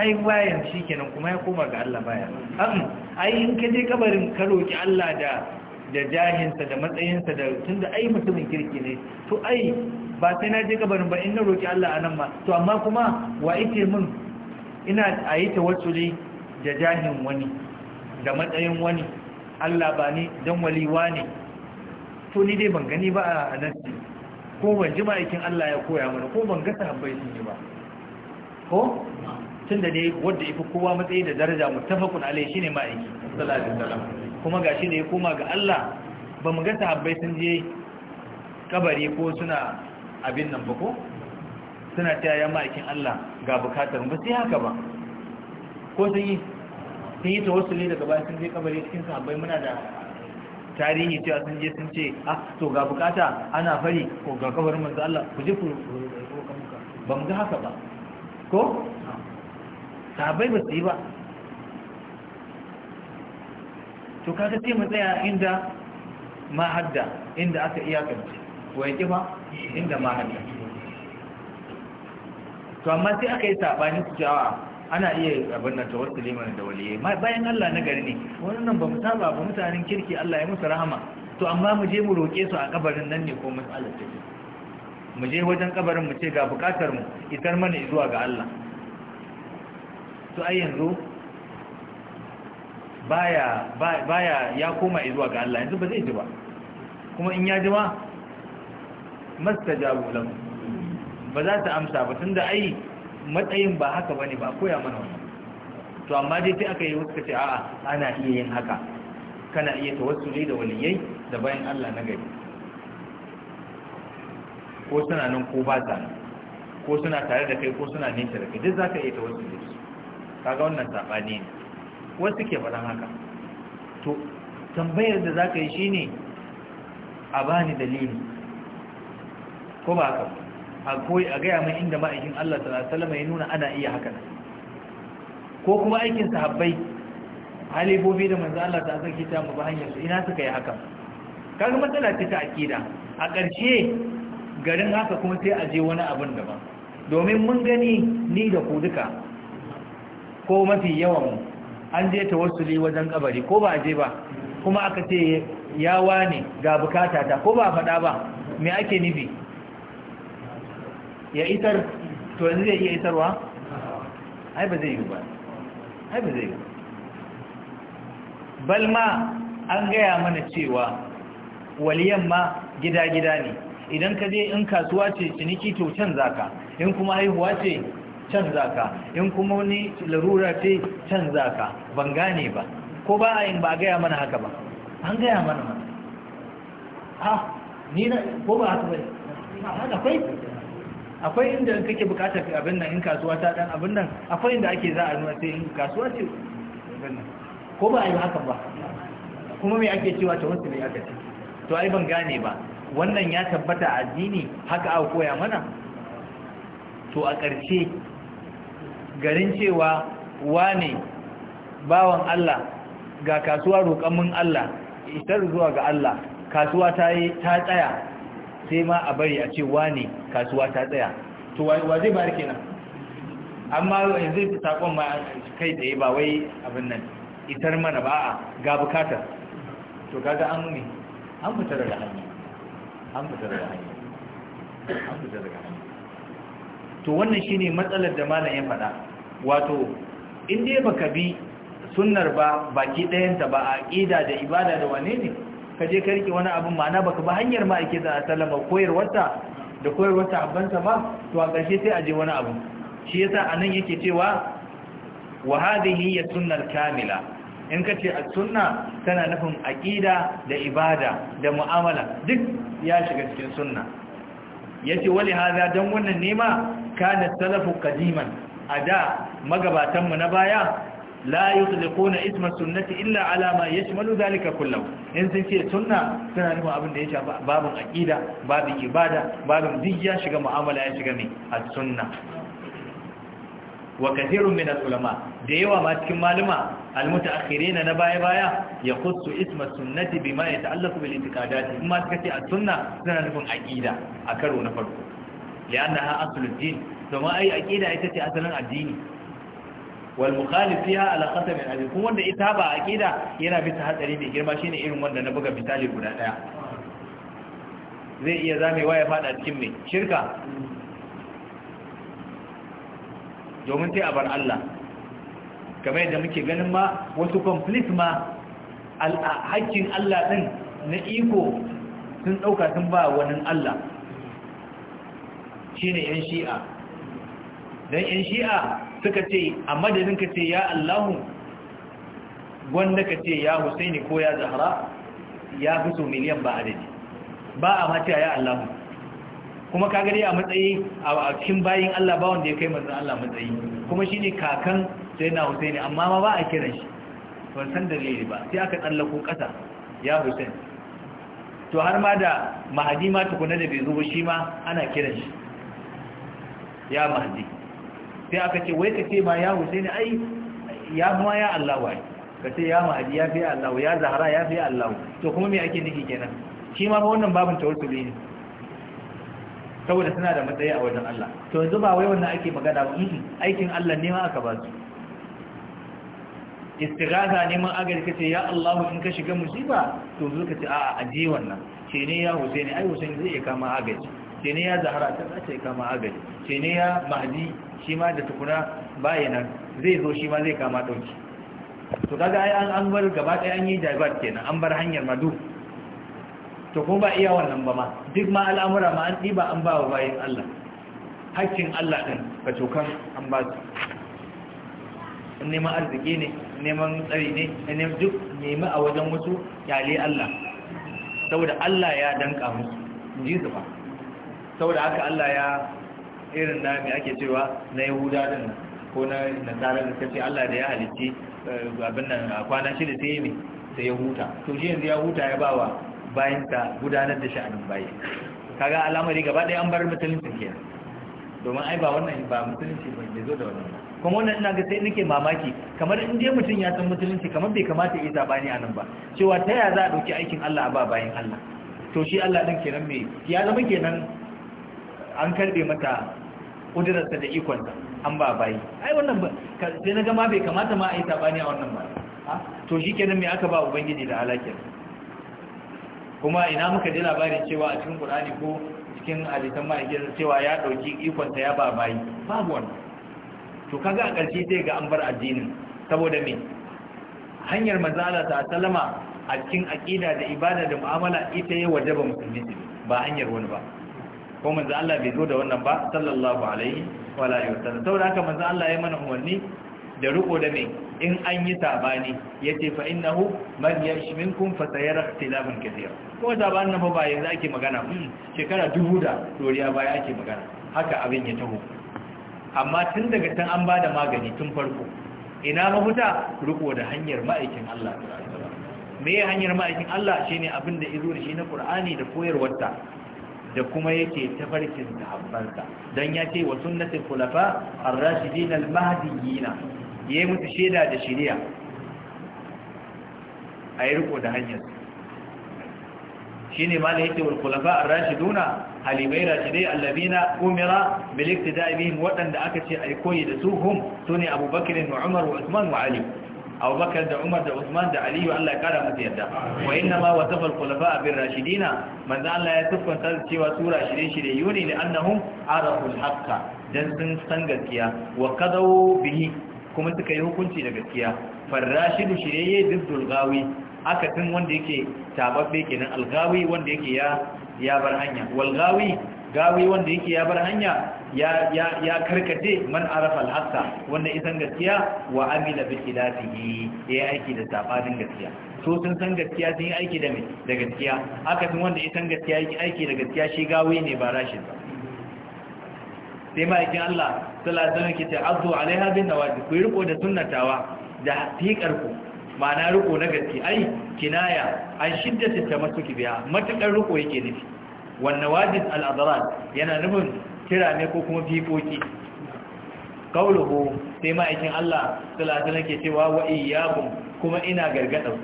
Speaker 1: ai bayan shikenan kuma ya koma ga Allah baya am ai in ka je kabarin ka roki Allah da da jahinsa da matsayinsa da tun da ai mutumin kirki ne to ai ba sai na je gabarin ba in na roƙi Allah a nan ma to amma kuma wa ite mun? ina a yi tawassuli da jahin wani da matsayin wani Allah ba ni dan waliwa ne to ni dai ban gani ba a nasi ko ban ji ma'aikin Allah ya koya mana ko ban gasa habbai sun ji ba ko tun da dai wadda ifi kowa matsayi da daraja mutafakun alai shine ma'aiki sallallahu alaihi wasallam kuma shi ne ya koma ga Allah ba mu ga sahabbai sun je kabari ko suna abin nan ba ko suna ta yaya ma'aikin Allah ga bukatar ba sai haka ba ko sun yi sun yi ne daga bayan sun je kabari cikin sahabbai muna da tarihi cewa sun je sun ce ah to ga bukata ana fari ko ga kabarin manzo Allah ku je ku ba mu ga haka ba ko sahabbai ba su yi ba to kaga sai mu tsaya inda ma hadda inda aka iyakance wai yake ba inda ma hadda to amma sai aka yi sabani su jawa ana iya abin nan tawar mana da waliyai bayan Allah na gari ne wannan ba mu saba ba mutanen kirki Allah ya musu rahama to amma mu je mu roke su a kabarin nan ne ko mas'alar take mu je wajen kabarin mu ce ga bukatar mu itar mana zuwa ga Allah to ai yanzu baya baya ya koma zuwa ga Allah yanzu ba zai ji ba kuma in ya ji ma mastajabu lam ba za ta amsa ba tunda ai matsayin ba haka bane ba koya mana wannan to amma dai sai aka yi wasu kace a'a ana iya yin haka kana iya tawassuli da waliyai da bayan Allah na gari ko suna nan ko ba ta ko suna tare da kai ko suna nesa da kai duk zaka iya tawassuli da kaga wannan sabani ne wasu ke faɗan haka to tambayar da za ka yi shi ne a ba ni dalili ko ba haka a gaya mai inda ma'aikin Allah salama ya nuna ana iya haka ko kuma aikin sahabbai halibobi da manzan Allah ta zaki ta mu ba hanyar su ina suka yi haka kaga matsala ce ta akida a ƙarshe garin haka kuma sai a je wani abin daban domin mun gani ni da ku duka ko mafi yawan an je ta wasu li wajen kabari ko ba a je ba kuma aka ce ya wane ga bukata ta ko ba faɗa ba me ake nibi ya isar to yanzu zai iya isarwa ai ba zai yi ba ai ba zai yi balma an gaya mana cewa waliyan ma gida-gida ne idan ka je in kasuwa ce ciniki to can zaka in kuma haihuwa ce canza ka in kuma wani larura ce canza ka ban gane ba ko ba a yin ba a gaya mana haka ba an gaya mana ma ha ni na ko ba haka bai akwai akwai inda kake bukatar abin nan in kasuwa ta dan abin nan akwai inda ake za a nuna sai in kasuwa ce ko ba a yi haka ba kuma me ake cewa ta wasu ne aka ce to ai ban gane ba wannan ya tabbata addini haka a koya mana to a ƙarshe garin cewa wane bawan Allah ga kasuwa roƙon Allah isar zuwa ga Allah kasuwa ta yi ta tsaya sai ma a bari a ce wane kasuwa ta tsaya to wa zai bari kenan amma yanzu sakon ma kai tsaye ba wai abin nan isar mana ba a ga bukatar to kaga an ne an fitar da hanyar an fitar da hanyar an fitar da hanyar to wannan shine matsalar da malam ya faɗa wato in dai baka bi sunnar ba baki ɗayanta ba a ƙida da ibada da wane ne ka je ka rike wani abin ma'ana baka ba hanyar ma'aike da sallama koyarwarsa da koyarwarsa abbansa ba to a ƙarshe sai a je wani abu shi yasa anan yake cewa wa hadhihi ya sunnar kamila in ka ce a sunna tana nufin aqida da ibada da mu'amala duk ya shiga cikin sunna yace wali hada dan wannan nema kana salafu a da. magabatanmu na baya la yutliquna isma sunnati illa ala ma yashmalu dhalika kullahu in sun ce sunna suna nufin abin da ya shafa babin aqida babin ibada babin duk ya shiga mu'amala ya shiga mai a sunna wa kathirun min al-ulama da yawa ma cikin maluma al-mutaakhirina na baya baya ya isma sunnati bima yata'allaqu bil intiqadat in ma suka ce a sunna suna nufin aqida a karo na farko li'annaha aslu din domin ai aqida ita ce asalin addini wal mukhalif fiha ala khatam al azim wanda ita ba aqida yana bisa hadari mai girma shine irin wanda na buga misali guda daya zai iya zamewa ya fada cikin mai shirka domin sai a bar Allah kamar yadda muke ganin ma wasu complete ma hakkin Allah din na iko sun dauka sun ba wani Allah shine yan shi'a dan yan shi'a suka ce a madadin ka ce ya Allahu gwanda ka ce ya Husaini ko ya Zahra ya fi so miliyan ba adadi ba a mata ya Allahu kuma ka gari a matsayi a cikin bayin Allah ba wanda ya kai manzon Allah matsayi kuma shine kakan Sayyidina Husaini amma ma ba a kiran shi ban san dalili ba sai aka tsallako kasa ya Husain to har ma da mahadi ma tukuna da bai zo shi ma ana kiran shi ya mahadi sai aka ce wai ka ce ma ya husaini ai ya ma ya Allah wai ka ce ya mahadi ya fi Allah ya zahara ya fi Allah to kuma me ake nufi kenan shi ma wannan babin tawassuli ne saboda suna da matsayi a wajen Allah to yanzu ba wai wannan ake magana ba aikin Allah ne ma aka ba su istighatha neman aka kace ya Allah in ka shiga musiba to zo ka ce a'a ji wannan ce ne ya Husaini ai Husaini zai kama agaji ce ne ya Zahra ta ce kama agaji ce ne ya mahdi shi ma da tukuna bayanan zai zo shi ma zai kama dauki to kaga ai an an bar gaba ɗaya an yi divert kenan an bar hanyar madu to kuma ba iya wannan ba ma duk ma al'amura ma an ɗiba an ba wa bayan Allah hakkin Allah ɗin ka cokan an ba su neman arziki ne neman tsari ne neman duk nemi a wajen wasu kyale Allah saboda Allah ya danka musu ji su ba saboda haka Allah ya irin na mai ake cewa na yahuda din ko na nasara da kace Allah da ya halicci eh, abin nan kwana shida sai mai sai ya huta to shi yanzu ya huta ya bawa bayansa gudanar da sha'anin bayi kaga al'amari gaba ɗaya an bar musulunci kenan domin ai ba wannan ba musulunci ba ne zo da wannan kuma wannan ina ga sai nake mamaki kamar in je mutum ya san musulunci kamar bai kamata ya yi sabani a nan ba cewa ta yaya za a ɗauki aikin Allah a ba bayan Allah to shi Allah ɗin kenan me ya zama kenan an karɓe mata kudurarsa da ikonsa an ba bayi ai wannan ba sai na gama bai kamata ma a yi sabani a wannan ba to shi kenan mai aka ba ubangiji da alaƙin kuma ina muka ji labarin cewa a cikin ƙur'ani ko cikin alitan ma'aikin cewa ya ɗauki ikonsa ya ba bayi babu wannan to kaga a ƙarshe sai ga an bar addinin saboda me hanyar manzala ta salama a cikin aƙida da ibada da mu'amala ita ya wajaba musulmi ba hanyar wani ba ko manzo Allah bai zo da wannan ba sallallahu alaihi wa alihi wasallam saboda haka manzo Allah ya mana umarni da riko da me in an yi sabani yace fa innahu man yash minkum fa sayara ikhtilafan kathira ko sabanin nan ba yanzu ake magana hmm, shekara dubu da doriya baya ake magana haka abin ya taho amma tun daga tun an bada magani tun farko ina mafuta riko da hanyar ma'aikin Allah me hanyar ma'aikin Allah shine abin da izo da shi na Qur'ani da koyarwarta da kuma yake tafarkin sahabbansa don ya ce wa sunnatul khulafa ar-rashidin al-mahdiyyin yayi mutu sheda da shari'a ayi riko da hanyar shine ma yake wal khulafa ar-rashiduna halimai rashidai allazina umira bil iktida'i bihim wadanda aka ce ayi koyi da su hum sune abubakar wa umar wa usman wa ali abubakar da umar da usman da aliyu allah ya kara musu yadda wa inna ma wasafa al a bin rashidina manzo allah ya tuffanta cewa su rashidin shiryu ne da annahum arafu al dan sun san gaskiya wa kadau bihi kuma suka yi hukunci da gaskiya farashidu shirye diddul gawi akatin wanda yake tababbe kenan algawi wanda yake ya bar hanya wal gawi wanda yake ya bar hanya ya karkace man arafa alhassa wanda isan gaskiya wa amila bi khilafihi ya aiki da sabanin gaskiya so sun san gaskiya sun yi aiki da mai da gaskiya aka tun wanda isan gaskiya yake aiki da gaskiya shi gawi ne ba rashin ba sai ma'aikin Allah sallallahu alaihi wasallam ke ce alaiha bin nawaji ku riko da sunnatawa da fiƙar ku ma'ana riko na gaskiya ai kinaya an shiddata ta masuki biya matakan riko yake nufi wannan wajid al'adaran yana nufin kira ne ko kuma fiƙoƙi kauluhu sai ma'aikin Allah salatu nake cewa wa iyyakum kuma ina gargadau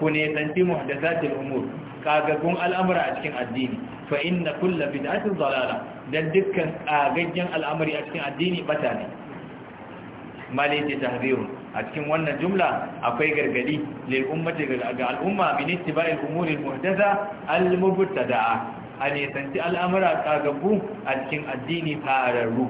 Speaker 1: ku ne tanti muhdathatil umur kagagun al'amura a cikin addini fa inna kullu bid'atin zalala don dukkan kagaggen al'amari a cikin addini bata ne malike tahzirun a cikin wannan jumla akwai gargadi lil ummati ga al'umma min ittiba'il umuri muhdatha al mubtada'a a yatanti al'amura kagabu a cikin addini fararru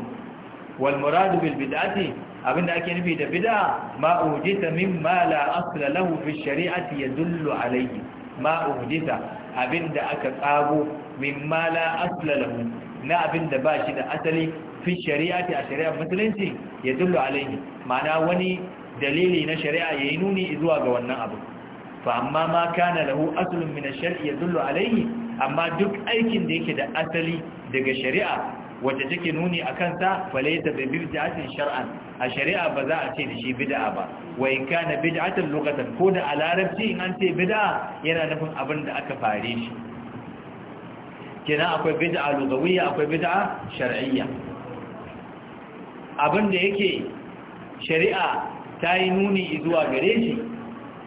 Speaker 1: walmuradu muradu bil bid'ati abinda ake nufi da bid'a ma uhdita mimma la lahu fi shari'ati yadullu alayhi ma uhdita abinda aka tsago min la asla lahu na abinda ba shi da asali fi shari'ati a shari'ar musulunci ya dullu alaihi ma'ana wani dalili na shari'a yayi nuni zuwa ga wannan abu fa amma ma kana lahu aslun min ash-shar'i yadullu alaihi amma duk aikin da yake da asali daga shari'a wacce take nuni akan sa da bi bid'atin shar'an a shari'a ba za a ce da shi bid'a ba wa in kana bid'atan lughatan ko da a larabci in an ce bid'a yana nufin abin da aka fare shi kina akwai bid'a lughawiyya akwai bid'a shar'iyya abin da yake shari'a ta yi nuni zuwa gare shi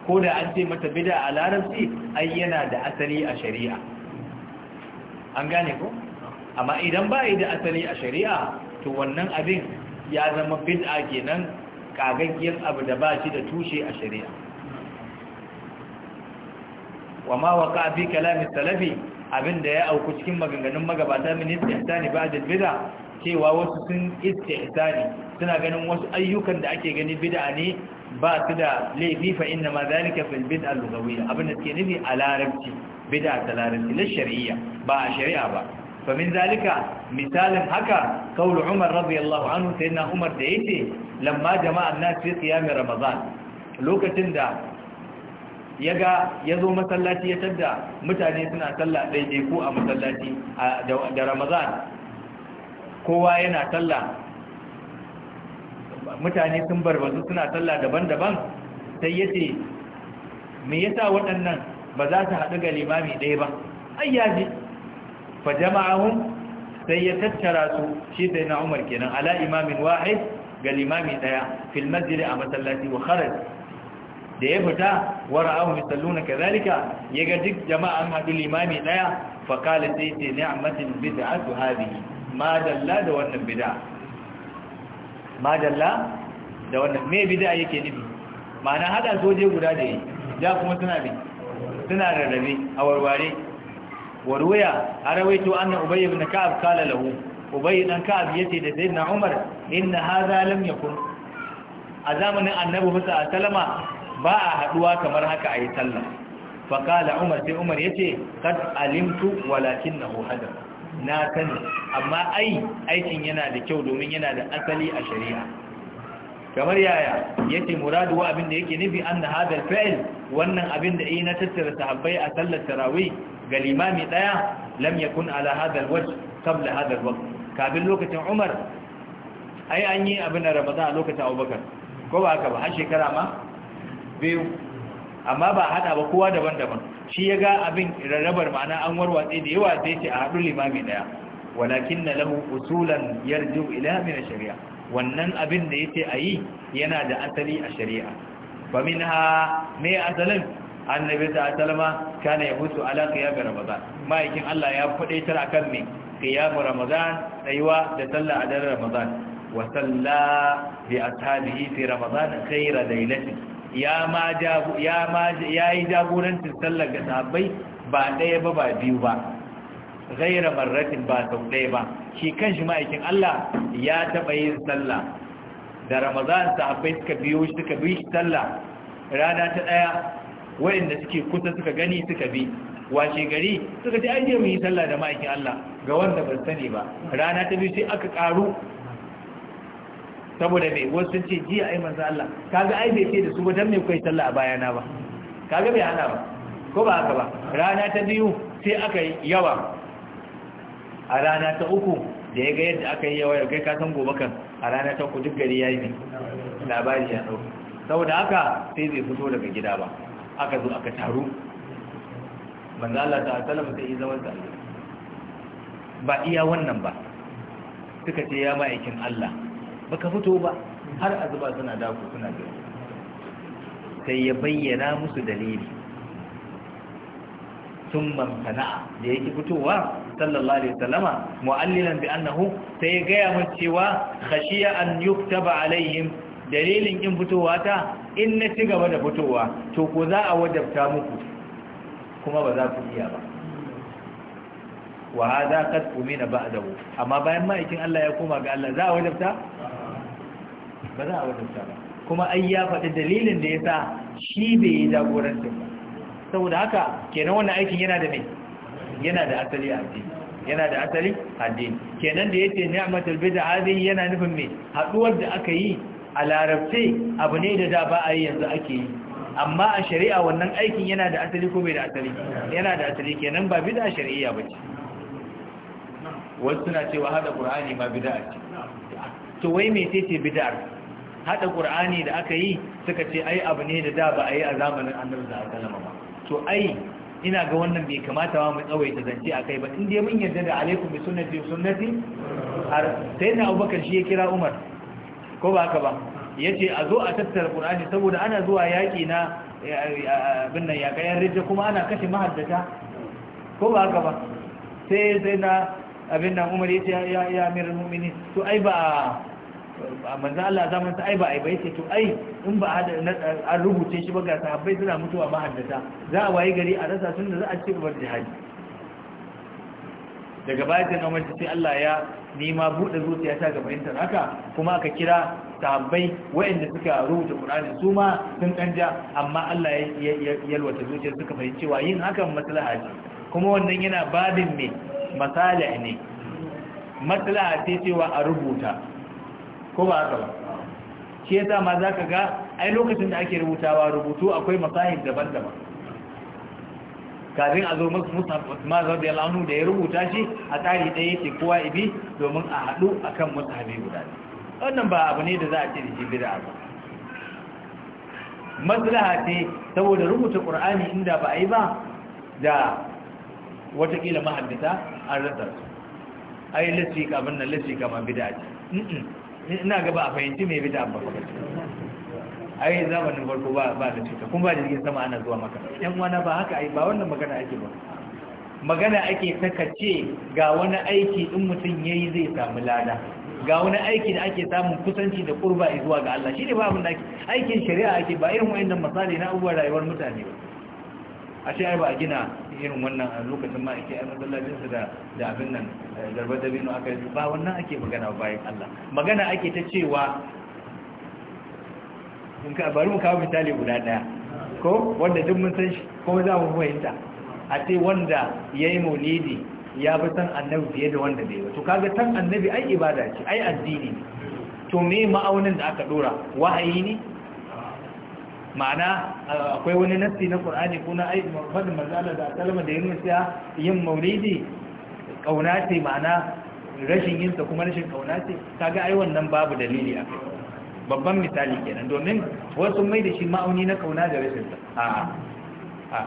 Speaker 1: ko da an ce mata bida a larabci ai yana da asali a shari'a an gane ko amma idan ba da asali a shari'a to wannan abin ya zama bid'a kenan kagaggiyar abu da ba shi da tushe a shari'a wa ma waka fi kalamin salafi abin da ya auku cikin maganganun magabata min ba a bid'a cewa wasu sun istihsani suna ganin wasu ayyukan da ake gani bid'a ne ba su da laifi fa inna ma zalika fil bid'a lugawiyya abin da suke nufi a larabci bid'a ta larabci na shari'a ba a shari'a ba fa min zalika misalin haka kaulu umar radiyallahu anhu sayyidina umar da yace lamma jama'a an-nas fi qiyam ramadan lokacin da ya ga ya zo masallaci ya tadda mutane suna sallah daidai ko a masallaci da Ramazan kowa yana sallah mutane sun barbazu suna sallah daban-daban sai ya ce me yasa waɗannan ba za su haɗu ga limami ɗaya ba ai ya ji fa jama'ahum sai ya tattara su shi sai na umar kenan ala imamin wahid ga limami ɗaya fil masjid a masallaci wa kharaj da ya fita wara ahu mai salluna ka zalika ya ga duk jama'a haɗu limami ɗaya, fakali sai ce ne a matin bida'a su haɗi madalla da wannan bida'a madalla da wannan mai bida'a yake nufi mana haɗa soje guda da yi ja kuma suna bi suna rarrabe a warware warwaya a rawaito annan ubai ibn ka'ab kala lahu ubai dan ka'ab yace da na umar inna hadha ya yakun a zamanin annabi musa salama. ba a haduwa kamar haka a yi sallah faƙala umar sai umar ya ce kad alimtu walakin na hohadar na sani amma ai aikin yana da kyau domin yana da asali a shari'a kamar yaya ya ce muradu abin da yake nufi an na hadar fa'il wannan abin da yi eh na tattara sahabbai a sallar tarawi ga limami ɗaya lam yakun ala hadar waj kabla hadar waj kafin lokacin umar ai an yi abin da ramadan a lokacin abubakar ko ba haka ba har shekara ma biyu amma ba haɗa ba kowa daban-daban shi ya ga abin rarrabar ma'ana an warwatse da yawa zai ce a haɗu limami ɗaya walakin na lahu usulan yarju ila min shari'a wannan abin da yace ayi yana da asali a shari'a fa minha me asalin annabi ta sallama kana yahusu ala qiyam ramadan ma'aikin Allah ya fadaitar akan me qiyam ramadan tsayuwa da sallah a daren ramadan wa salla bi ashabihi fi ramadan khayra laylatin ya ma yi jagorancin sallar ga sahabbai ba ɗaya ba ba biyu ba gaira marratin ba sau ɗaya ba shi kan shi ma'aikin Allah ya taɓa yin sallah da ramazan sahabbai suka biyo shi suka bi shi sallah rana ta ɗaya wayanda suke kusa suka gani suka bi washe gari suka ce an je mu yi sallah da ma'aikin Allah ga wanda ban sani ba rana ta biyu sai aka ƙaru saboda mai wasu sun ce jiya ai manzo Allah kaga ai bai ce da su ba dan kai sallah a bayana ba kaga bai hana ba ko ba haka ba rana ta biyu sai aka yi yawa a rana ta uku da ya ga yadda aka yi yawa ya kai ka san gobe kan a rana ta uku duk gari ya yi ne labari ya dauka saboda haka sai zai fito daga gida ba aka zo aka taru manzo Allah ta sallama sai ya zama ba iya wannan ba suka ce ya ma'aikin Allah baka fito ba har azuba suna dako suna gani sai ya bayyana musu dalili sun mamtana da yake fitowa sallallahu alaihi wasallama mu'allilan bi annahu sai ya gaya mun cewa khashiya an yuktaba alaihim dalilin in fitowa ta in na ci gaba da fitowa to ko za a wajabta muku kuma ba za ku iya ba wa hadha qad umina ba'dahu amma bayan ma'aikin Allah ya koma ga Allah za a wajabta. ba za a wadanta ba kuma ai ya faɗi dalilin da ya sa shi bai yi jagorancin ba saboda haka kenan wannan aikin yana da mai yana da asali a addini yana da asali addini kenan da yace ni'matul bid'a dai yana nufin me haduwar da aka yi a larabce abu ne da da ba a yi yanzu ake yi amma a shari'a wannan aikin yana da asali ko bai da asali yana da asali kenan ba bid'a shari'a ce. wasu suna cewa hada qur'ani ma bid'a ce to wai me ce bid'a hada qur'ani da aka yi suka ce ai abu ne da da ba a yi a zamanin annabi da aka lama ba to ai ina ga wannan bai kamata ba mu ta zance akai ba inda mun yarda da alaikum bi sunnati sunnati har sai na Abubakar shi ya kira Umar ko ba haka ba yace a zo a tattara qur'ani saboda ana zuwa yaki na abin nan ya kayan rijja kuma ana kashe mahaddata ko ba haka ba sai sai na abin nan Umar yace ya ya amirul mu'minin to ai ba manzo Allah zaman ta ai ba ai bai ce to ai in ba an rubuce shi ba ga sahabbai suna mutuwa mahaddata za a waye gari a rasa tun da za a ci gaba da jihadi daga baya sai na umarci sai Allah ya nima buɗe zuciya ta ga fahimtar haka kuma aka kira sahabbai waɗanda suka rubuta Qur'ani su ma sun kanja amma Allah ya yalwata zuciya suka fahimci cewa yin hakan maslaha ce kuma wannan yana babin ne masalih ne maslaha ce cewa a rubuta ko ba haka ba shi sa ma za ka ga ai lokacin da ake rubutawa rubutu akwai masahin daban-daban kafin a zo musamman Usman radiyallahu anhu da ya rubuta shi a tsari ɗaya yake kowa ibi domin a haɗu akan mutane guda wannan ba abu ne da za a ce da shi bid'a ba maslaha ce saboda rubuta Ƙur'ani inda ba a yi ba da watakila mahaddata an rasa su ai lissi kamar na lissi kamar bid'a ce ina gaba a fahimci me bida ba ba ai zamanin farko ba ba da cuta kuma ba jirgin sama ana zuwa maka yan uwana ba haka ai ba wannan magana ake ba magana ake ce ga wani aiki in mutum yayi zai samu lada ga wani aiki da ake samun kusanci da kurba zuwa ga Allah shi ne ba abin da aikin shari'a ake ba irin wayannan misali na abubuwan rayuwar mutane ba a ce ai ba a gina irin wannan a lokacin ma ake ai masallacinsu da da abin nan garba da binu aka yi ba wannan ake magana bayan Allah magana ake ta cewa in ka bari mu kawo misali guda daya ko wanda duk mun san shi ko za mu fahimta a ce wanda yayi maulidi ya fi san annabi fiye da wanda bai ba to kaga tan annabi ai ibada ce ai addini to me ma'aunin da aka dora wahayi ne ma'ana eh, akwai wani nassi na qur'ani ko na aiki mafadin manzala da kalma da yin nasiha yin mauridi kauna ce ma'ana rashin yin ta kuma rashin kauna ce kaga ai wannan babu dalili a kai babban misali kenan domin wasu mai da shi ma'auni na kauna da rashin ta a'a a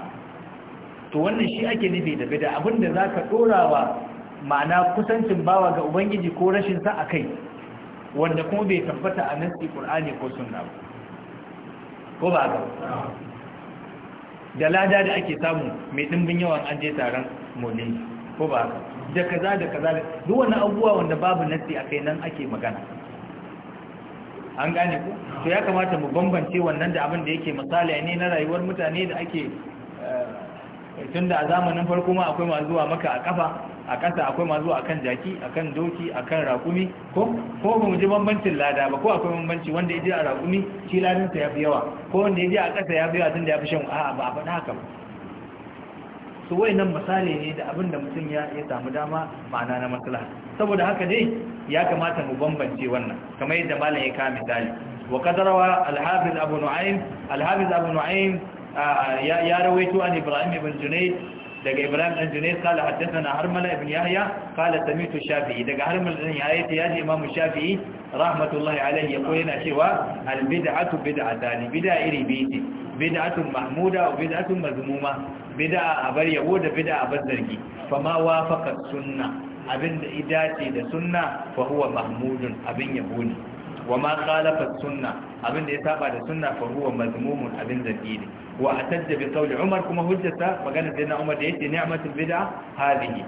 Speaker 1: to wannan shi ake nufi da bida abinda zaka dorawa ma'ana kusancin bawa ga ubangiji ko rashin sa akai wanda kuma bai tabbata a nasi qur'ani ko sunna ba ko ba ga da lada da ake samu mai dimbin yawan an je taron molin ko ba ga da kaza da kaza duk wani abubuwa wanda babu nasi a kai nan ake magana an gane ku to ya kamata mu bambance wannan da abin da yake misali ne na rayuwar mutane da ake eh, tun da a zamanin farko ma akwai ma zuwa maka a kafa a ƙasa akwai masu zuwa akan jaki akan doki akan raƙumi ko ko mu ji bambancin lada ba ko akwai bambanci wanda ya je a raƙumi shi ladin sa yafi yawa ko wanda ya je a ƙasa yafi yawa tunda yafi shan a'a ba a faɗa haka ba su wayannan misali ne da abinda mutum ya ya samu dama ma'ana na maslaha saboda haka dai ya kamata mu bambance wannan kamar yadda malam ya kawo misali wa qadarawa al-hafiz abu nu'aym al-hafiz abu nu'aym ah, ya rawaito an ibrahim ibn junayd daga Ibrahim dan Junais kala haddathana Harmala ibn Yahya kala samitu Shafi'i daga Harmala dan Yahya ta yaji imamu Shafi'i rahmatullahi alaihi yako yana cewa al bida'a bid'atani bida'a iri biyu bid'atun mahmuda wa bid'atun mazmuma bida'a a bar yabo da bida'a a bar zargi fama wafaqa sunna abin da idace da sunna fa huwa mahmudun abin yabo ne wa ma khalafa sunna abin da ya saba da sunna fa huwa mazmumun abin zargi ne wa atajja bi qawli umar kuma hujjata magana sayyidina umar da yace ni'matul bid'a hadhihi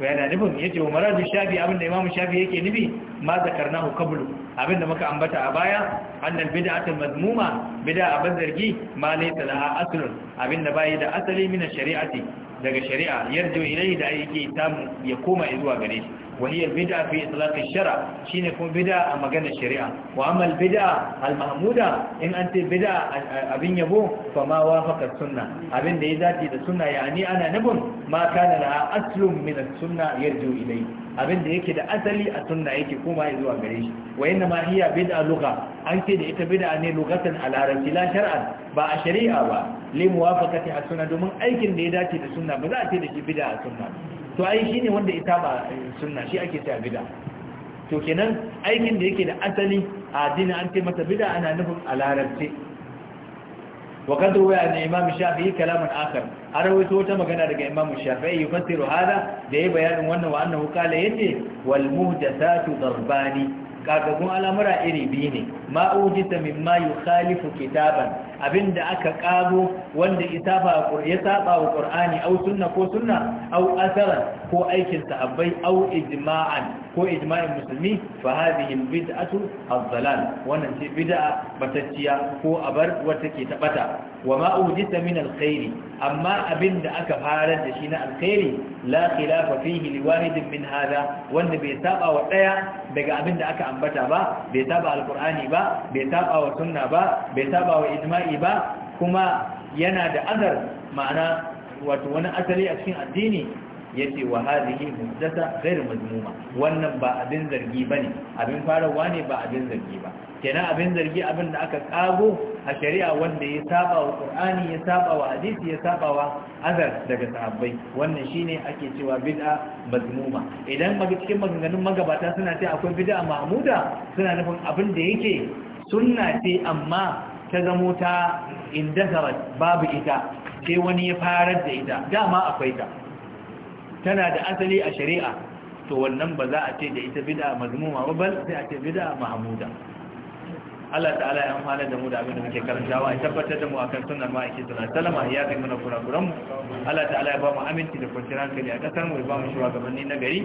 Speaker 1: wa yana nufin yace wa maradu shafi abin da imamu shafi yake nufi ma zakarnahu qablu abin da muka ambata a baya annal bid'atu mazmuma bid'a abin zargi ma laysa laha aslun abin da bai da asali min shari'ati daga shari'a yarju ilayhi da yake tamu ya koma zuwa gare shi وهي البدعة في إطلاق الشرع شين يكون بدعة مجانا الشريعة وأما البدعة المحمودة إن أنت البدعة أبن يبو فما وافق السنة أبن دي ذاتي السنة يعني أنا نبن ما da لها أصل من السنة يرجو إليه abin da yake da asali a sunna yake koma zuwa gare shi wa inna ma hiya bid'a lugha an ce da ita bid'a ne lughatan ala rabbi la shar'an ba a shari'a ba li muwafaqati as suna domin aikin da ya dace da sunna ba za a ce da shi bid'a a sunna to ai shi ne wanda ita ba eh, sunna shi ake cewa bida to kenan aikin da yake da asali a addini an ce masa bida ana nufin a larabce wa kad ruwaya an imam shafi'i kalaman akhar har wato wata magana daga imam shafi'i yufassiru hada da yayi bayanin wannan wa annahu qala yadda wal muhdathatu darbani kagagun al'amura iri biyu ne ma'ujita mimma yukhalifu kitaban abinda aka kago wanda ya saba wa qur'ani au sunna ko sunna au asaran ko aikin sahabbai au ijma'an ko ijma'in musulmi fa hadhihi bid'atu az-zalal wannan ce bid'a batacciya ko abar wata ke tabata wa ma ujita min alkhairi amma abin da aka fara da shi na alkhairi la khilafa fihi li wahidin min hada wanda bai saba wa daya daga abin da aka ambata ba bai saba alqur'ani ba bai saba wa sunna ba bai saba wa ijma'i ba kuma yana da azar ma'ana wato wani asali a cikin addini yace wa hadhihi muddata ghayr mazmuma wannan ba abin zargi bane abin farawa ne ba abin zargi ba kenan abin zargi abin da aka kago a shari'a wanda ya saba wa qur'ani ya saba wa hadisi ya saba wa azar daga sahabbai wannan shine ake cewa bid'a mazmuma idan maga cikin maganganun magabata suna ce akwai bid'a mahmuda suna nufin abin da yake sunna ce amma ta zamo ta indasarar babu ita sai wani ya farar da ita dama akwai ta tana da asali a shari'a to wannan ba za a ce da ita bida mazmuma ba bal sai a ce bida mahmuda Allah ta'ala ya amfana da mu da abin da muke karantawa ya tabbatar da mu akan sunnar ma'aiki sallallahu alaihi wasallam ya kai mana kurakuran mu Allah ta'ala ya ba mu aminci da kwanciyar hankali a kasar mu ya ba mu shugabanni na gari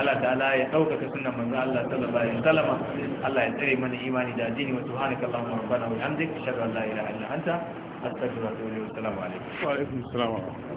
Speaker 1: Allah ta'ala ya daukaka sunnar manzo Allah sallallahu alaihi wasallam Allah ya tsare mana imani da addini wa subhanaka allahumma rabbana wa bihamdika ashhadu an la ilaha illa anta astaghfiruka wa atubu ilaik wa alaikum assalam